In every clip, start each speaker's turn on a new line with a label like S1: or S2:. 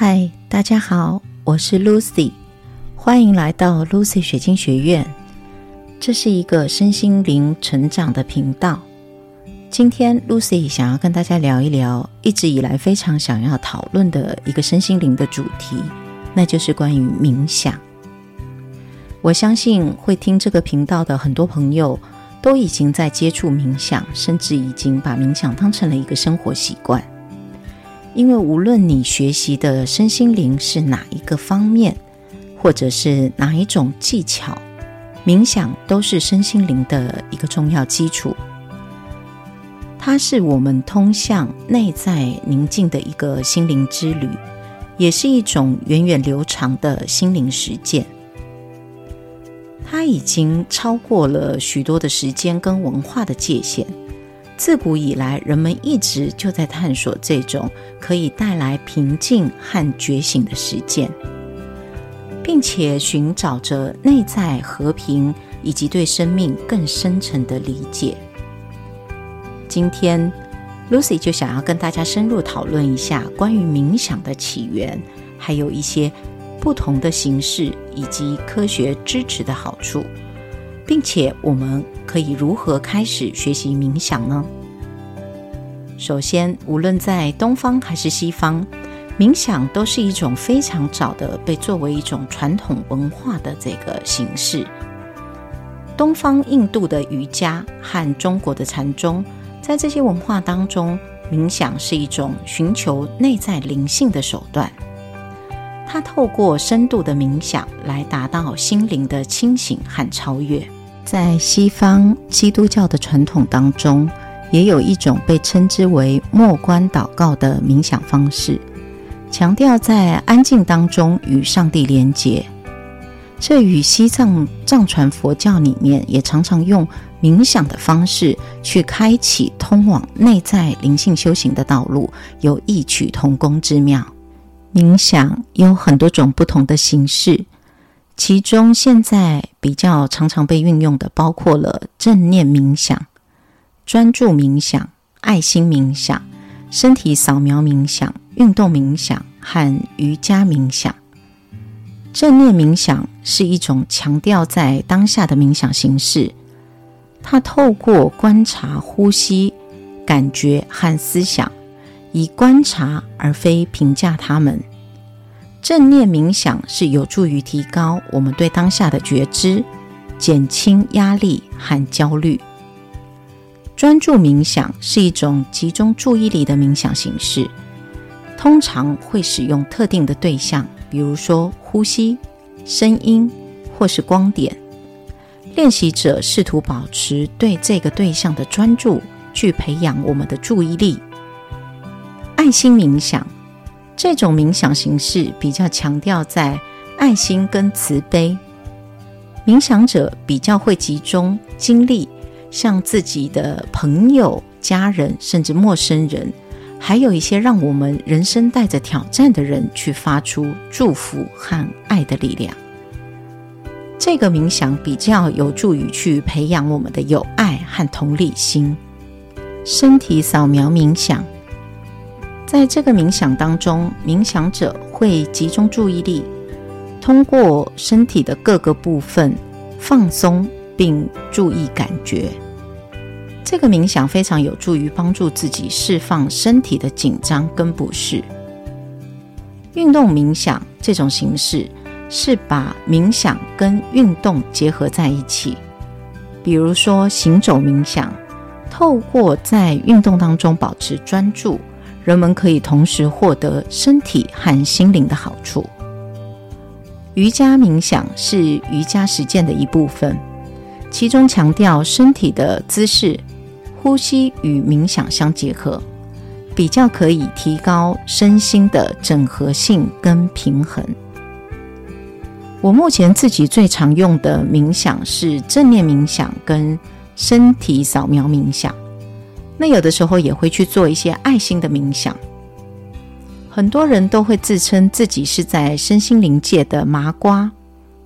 S1: 嗨，Hi, 大家好，我是 Lucy，歡迎來到 Lucy 水晶學院。這是一個身心靈成長的頻道。今天 Lucy 想要跟大家聊一聊一直以來非常想要討論的一個身心靈的主題，那就是關於冥想。我相信會聽這個頻道的很多朋友都已經在接觸冥想，甚至已經把冥想當成了一個生活習慣。因為無論你學習的身心靈是哪一個方面，或者是哪一種技巧，冥想都是身心靈的一個重要基礎。它是我們通向內在寧靜的一個心靈之旅，也是一種源遠流長的心靈實踐。它已經超過了許多的時間跟文化的界限。自古以來，人們一直就在探索這種可以帶來平靜和覺醒的實踐，並且尋找着內在和平以及對生命更深層的理解。今天，Lucy 就想要跟大家深入討論一下關於冥想的起源，還有一些不同的形式以及科學支持的好處。並且，我們可以如何開始學習冥想呢？首先，無論在東方還是西方，冥想都是一種非常早的被作為一種傳統文化的這個形式。東方印度的瑜伽和中國的禪宗，在這些文化當中，冥想是一種尋求內在靈性的手段。它透過深度的冥想來達到心靈的清醒和超越。在西方基督教的傳統當中，也有一種被稱之為默觀禱告的冥想方式，強調在安靜當中與上帝連結。這與西藏藏傳佛教裡面也常常用冥想的方式去開啟通往內在靈性修行的道路，有異曲同工之妙。冥想有很多種不同的形式。其中，現在比較常常被運用的，包括了正念冥想、專注冥想、愛心冥想、身體掃描冥想、運動冥想和瑜伽冥想。正念冥想是一種強調在當下的冥想形式，它透過觀察呼吸、感覺和思想，以觀察而非評價他們。正念冥想是有助於提高我們對當下的覺知，減輕壓力和焦慮。專注冥想是一種集中注意力的冥想形式，通常會使用特定的對象，比如說呼吸、聲音或是光點。練習者試圖保持對這個對象的專注，去培養我們的注意力。愛心冥想。這種冥想形式比較強調在愛心跟慈悲，冥想者比較會集中精力向自己的朋友、家人，甚至陌生人，還有一些讓我們人生帶着挑戰的人，去發出祝福和愛的力量。這個冥想比較有助於去培養我們的友愛和同理心。身體掃描冥想。在這個冥想當中，冥想者會集中注意力，通過身體的各個部分放鬆，並注意感覺。這個冥想非常有助於幫助自己釋放身體的緊張跟不適。運動冥想，這種形式是把冥想跟運動結合在一起，比如說行走冥想，透過在運動當中保持專注。人們可以同時獲得身體和心靈的好處。瑜伽冥想是瑜伽實踐的一部分，其中強調身體的姿勢、呼吸與冥想相結合，比較可以提高身心的整合性跟平衡。我目前自己最常用的冥想是正念冥想跟身體掃描冥想。那有的時候也會去做一些愛心的冥想，很多人都會自稱自己是在身心靈界的麻瓜，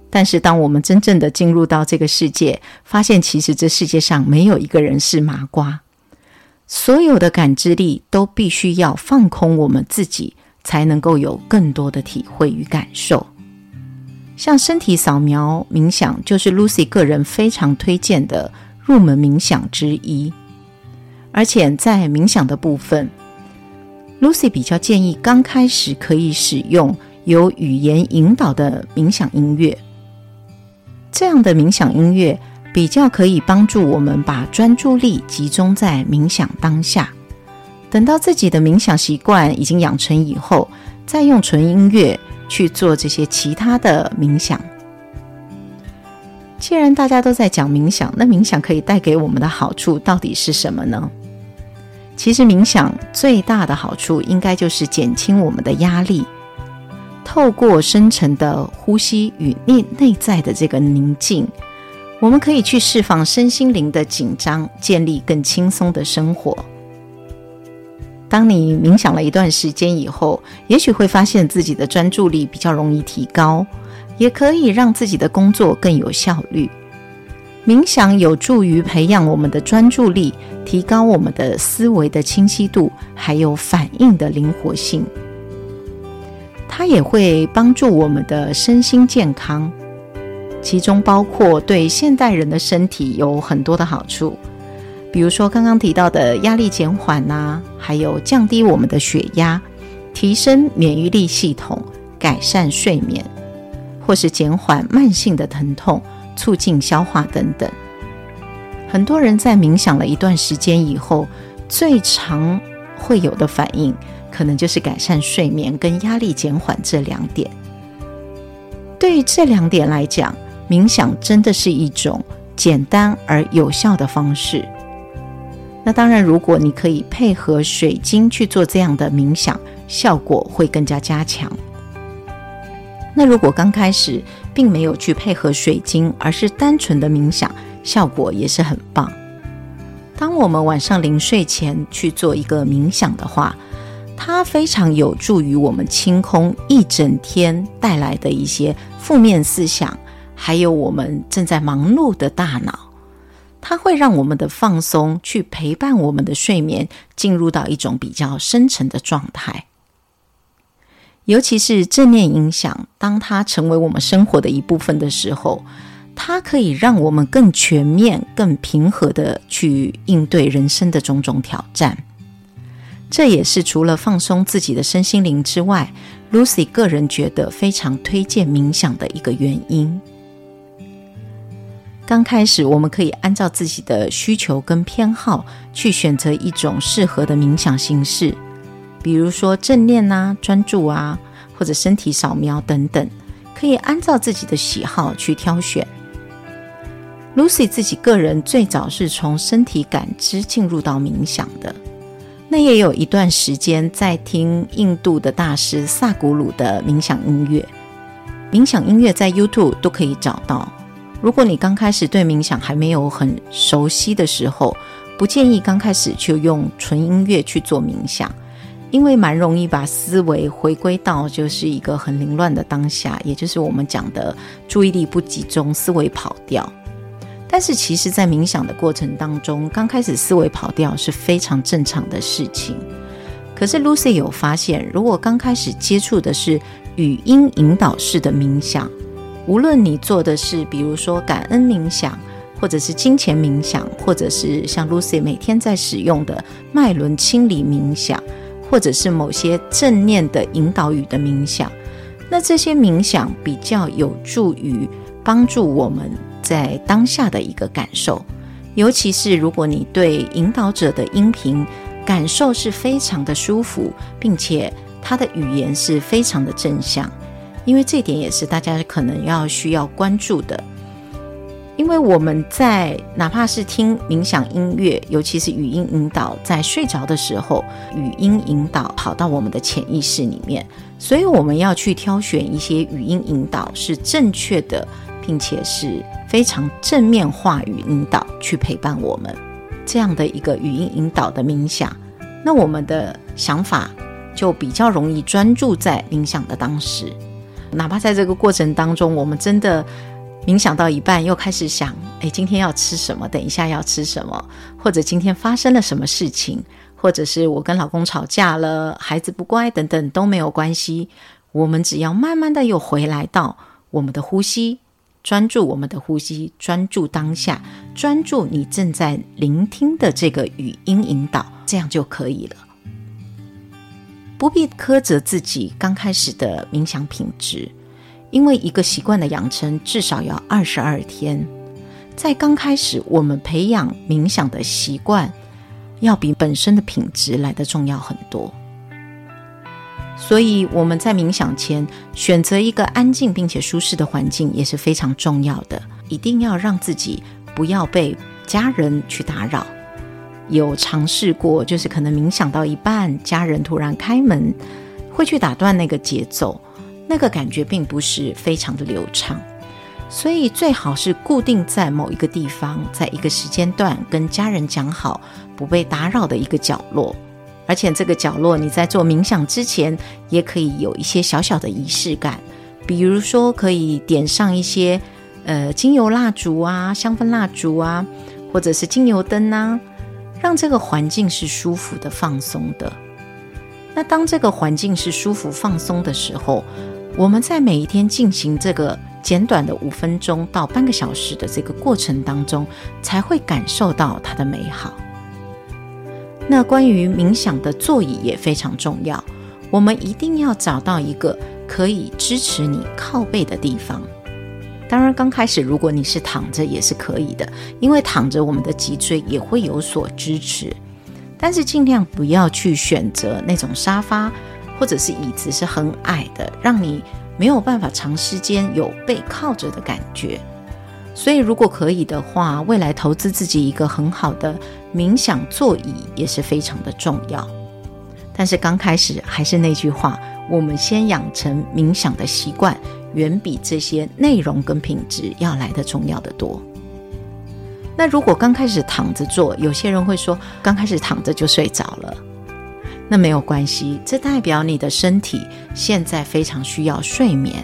S1: 但是當我們真正的進入到這個世界，發現其實這世界上沒有一個人是麻瓜，所有的感知力都必須要放空我們自己，才能夠有更多的體會與感受。像身體掃描冥想，就是 Lucy 個人非常推薦的入門冥想之一。而且在冥想的部分，Lucy 比較建議剛開始可以使用由語言引導的冥想音樂。這樣的冥想音樂比較可以幫助我們把專注力集中在冥想當下。等到自己的冥想習慣已經養成以後，再用純音樂去做這些其他的冥想。既然大家都在講冥想，那冥想可以帶給我們的好處到底是什麼呢？其實冥想最大的好處，應該就是減輕我們的壓力。透過深沉的呼吸與內內在的這個寧靜，我們可以去釋放身心靈的緊張，建立更輕鬆的生活。當你冥想了一段時間以後，也許會發現自己的專注力比較容易提高，也可以讓自己的工作更有效率。冥想有助於培養我們的專注力。提高我們的思維的清晰度，還有反應的靈活性，它也會幫助我們的身心健康，其中包括對現代人的身體有很多的好處，比如說剛剛提到的壓力減緩吶，還有降低我們的血壓，提升免疫力系統，改善睡眠，或是減緩慢性的疼痛，促進消化等等。很多人在冥想了一段時間以後，最常會有的反應，可能就是改善睡眠跟壓力減緩這兩點。對於這兩點來講，冥想真的是一種簡單而有效的方式。那當然，如果你可以配合水晶去做這樣的冥想，效果會更加加強。那如果剛開始並沒有去配合水晶，而是單純的冥想。效果也是很棒。當我們晚上臨睡前去做一個冥想的話，它非常有助於我們清空一整天帶來的一些負面思想，還有我們正在忙碌的大腦。它會讓我們的放鬆去陪伴我們的睡眠進入到一種比較深沉的狀態。尤其是正面影響，當它成為我們生活的一部分的時候。它可以讓我們更全面、更平和地去應對人生的種種挑戰，這也是除了放鬆自己的身心靈之外，Lucy 個人覺得非常推薦冥想的一個原因。剛開始，我們可以按照自己的需求跟偏好去選擇一種適合的冥想形式，比如說正念吶、啊、專注啊，或者身體掃描等等，可以按照自己的喜好去挑選。Lucy 自己個人最早是從身體感知進入到冥想的，那也有一段時間在聽印度的大師薩古魯的冥想音樂。冥想音樂在 YouTube 都可以找到。如果你剛開始對冥想還沒有很熟悉的時候，不建議剛開始就用純音樂去做冥想，因為蠻容易把思維回歸到就是一個很凌亂的當下，也就是我們講的注意力不集中、思維跑掉。但是，其實，在冥想的過程當中，剛開始思維跑掉是非常正常的事情。可是，Lucy 有發現，如果剛開始接觸的是語音引導式的冥想，無論你做的是，比如說感恩冥想，或者是金錢冥想，或者是像 Lucy 每天在使用的脈輪清理冥想，或者是某些正念的引導語的冥想，那這些冥想比較有助於幫助我們在當下的一個感受，尤其是如果你對引導者的音頻感受是非常的舒服，並且他的語言是非常的正向，因為這點也是大家可能要需要關注的。因為我們在哪怕是聽冥想音樂，尤其是語音引導，在睡着的時候，語音引導跑到我們的潛意識裡面，所以我們要去挑選一些語音引導是正確的。並且是非常正面話語引導，去陪伴我們這樣的一個語音引導的冥想，那我們的想法就比較容易專注在冥想的當時。哪怕在這個過程當中，我們真的冥想到一半，又開始想：“哎，今天要吃什麼？等一下要吃什麼？或者今天發生了什麼事情？或者是我跟老公吵架了，孩子不乖等等都沒有關係。我們只要慢慢的又回來到我們的呼吸。”專注我們的呼吸，專注當下，專注你正在聆聽的這個語音引導，這樣就可以了。不必苛責自己剛開始的冥想品質，因為一個習慣的養成至少要二十二天。在剛開始，我們培養冥想的習慣，要比本身的品質來得重要很多。所以我們在冥想前，選擇一個安靜並且舒適的環境也是非常重要的，一定要讓自己不要被家人去打擾。有嘗試過，就是可能冥想到一半，家人突然開門，會去打斷那個節奏，那個感覺並不是非常的流暢。所以最好是固定在某一個地方，在一個時間段跟家人講好，不被打擾的一個角落。而且這個角落，你在做冥想之前，也可以有一些小小的儀式感，比如說可以點上一些，呃，精油蠟燭啊，香氛蠟燭啊，或者是精油燈吶啊，讓這個環境是舒服的、放鬆的。那當這個環境是舒服、放鬆的時候，我們在每一天進行這個簡短的五分鐘到半個小時的這個過程當中，才會感受到它的美好。那關於冥想的座椅也非常重要，我們一定要找到一個可以支持你靠背的地方。當然，剛開始如果你是躺着也是可以的，因為躺着我們的脊椎也會有所支持。但是盡量不要去選擇那種沙發或者是椅子是很矮的，讓你沒有辦法長時間有背靠着的感覺。所以，如果可以的話，未來投資自己一個很好的冥想座椅也是非常的重要。但是剛開始，還是那句話，我們先養成冥想的習慣，遠比這些內容跟品質要來得重要得多。那如果剛開始躺着做，有些人會說剛開始躺着就睡着了，那沒有關係，這代表你的身體現在非常需要睡眠。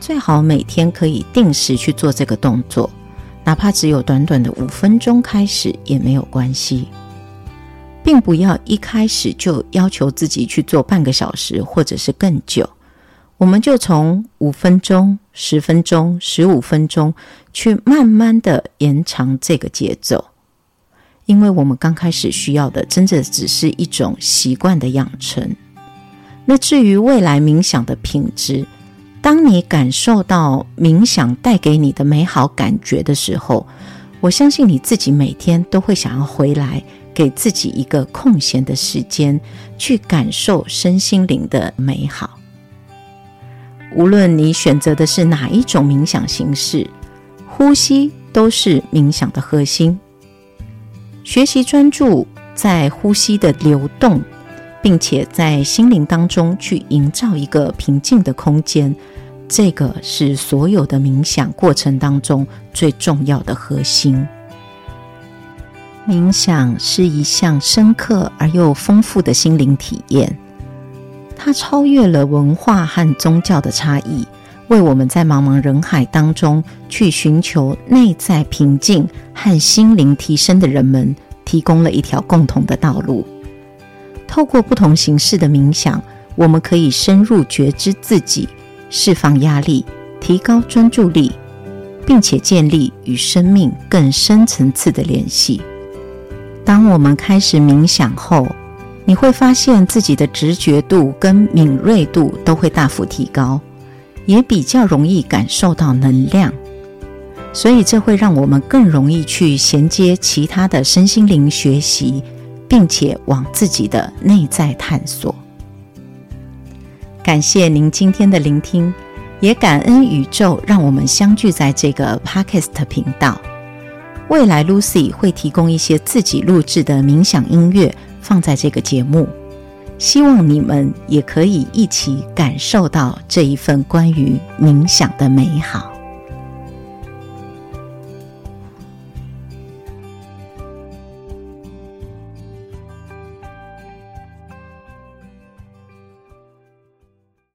S1: 最好每天可以定時去做這個動作，哪怕只有短短的五分鐘開始也沒有關係，並不要一開始就要求自己去做半個小時或者是更久。我們就從五分鐘、十分鐘、十五分鐘去慢慢地延長這個節奏，因為我們剛開始需要的，真的只是一種習慣的養成。那至於未來冥想的品質，當你感受到冥想帶給你的美好感覺的時候，我相信你自己每天都會想要回來，給自己一個空閒的時間去感受身心靈的美好。無論你選擇的是哪一種冥想形式，呼吸都是冥想的核心。學習專注在呼吸的流動。並且在心靈當中去營造一個平靜的空間，這個是所有的冥想過程當中最重要的核心。冥想是一項深刻而又豐富的心靈體驗，它超越了文化和宗教的差異，為我們在茫茫人海當中去尋求內在平靜和心靈提升的人們提供了一條共同的道路。透過不同形式的冥想，我們可以深入覺知自己，釋放壓力，提高專注力，並且建立與生命更深層次的聯繫。當我們開始冥想後，你會發現自己的直覺度跟敏銳度都會大幅提高，也比較容易感受到能量。所以，這會讓我們更容易去銜接其他的身心靈學習。並且往自己的內在探索。感謝您今天的聆聽，也感恩宇宙讓我們相聚在這個 podcast 頻道。未來 Lucy 會提供一些自己錄製的冥想音樂放在這個節目，希望你們也可以一起感受到這一份關於冥想的美好。